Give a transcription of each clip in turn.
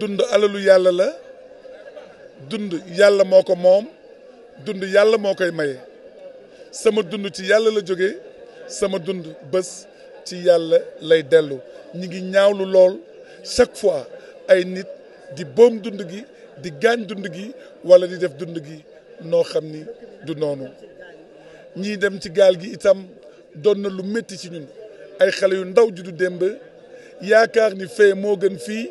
dund alalu yàlla la dund yàlla moo ko moom dund yàlla moo koy maye sama dund ci yàlla la jóge sama dund bés ci yàlla lay dellu ñi ngi ñaawlu lool chaque fois ay nit di boom dund gi di gaañ dund gi wala di def dund gi noo xam ni du noonu ñi dem ci gaal gi itam doon na lu métti ci ñun ay xale yu ndaw ju du démb yaakaar ni fee moo gën fii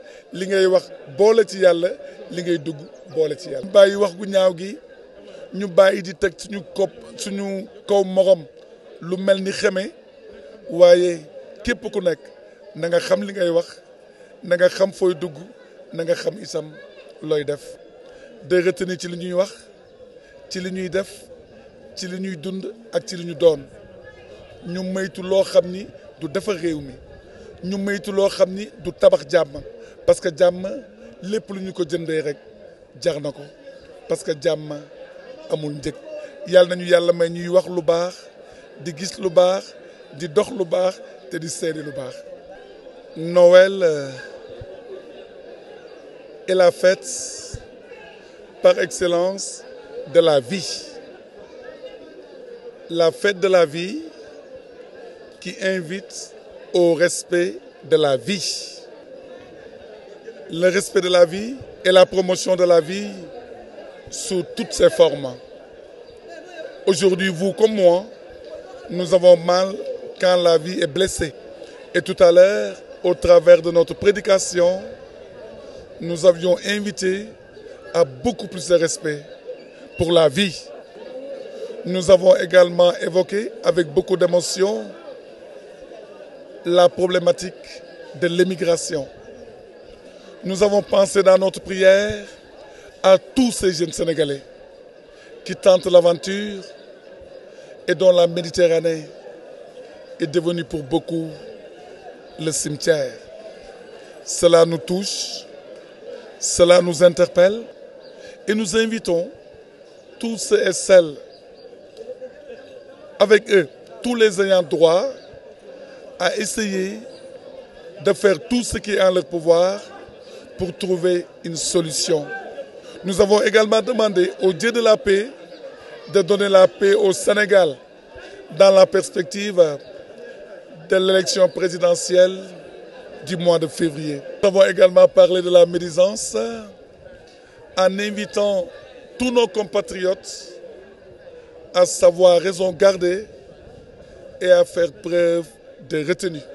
li ngay wax boole ci yàlla li ngay dugg boole ci yàlla. bàyyi wax gu ñaaw gi ñu bàyyi di teg suñu kopp suñu kaw morom lu mel ni xeme waaye képp ku nekk na nga xam li ngay wax na nga xam fooy dugg na nga xam isam looy def de ni ci li ñuy wax ci li ñuy def ci li ñuy dund ak ci li ñu doon ñu maytu loo xam ni du defar réew mi ñu maytu loo xam ni du tabax jàmm. parce que Djam, les poules nous ko Djam rek parce que Djam amul ndek yalla nañu yalla may ñuy wax lu baax di gis lu baax di dox lu baax te di séri lu baax. Noël euh, est la fête par excellence de la vie. La fête de la vie qui invite au respect de la vie le respect de la vie et la promotion de la vie sous toutes ses formes. Aujourd'hui, vous comme moi, nous avons mal quand la vie est blessée. Et tout à l'heure, au travers de notre prédication, nous avions invité à beaucoup plus de respect pour la vie. Nous avons également évoqué avec beaucoup d'émotion la problématique de l'émigration. Nous avons pensé dans notre prière à tous ces jeunes Sénégalais qui tentent l'aventure et dont la Méditerranée est devenue pour beaucoup le cimetière. Cela nous touche, cela nous interpelle et nous invitons tous ceux et celles avec eux, tous les ayants droit, à essayer de faire tout ce qui est en leur pouvoir pour trouver une solution. Nous avons également demandé au Dieu de la paix de donner la paix au Sénégal dans la perspective de l'élection présidentielle du mois de février. Nous avons également parlé de la médisance en invitant tous nos compatriotes à savoir raison garder et à faire preuve de retenue.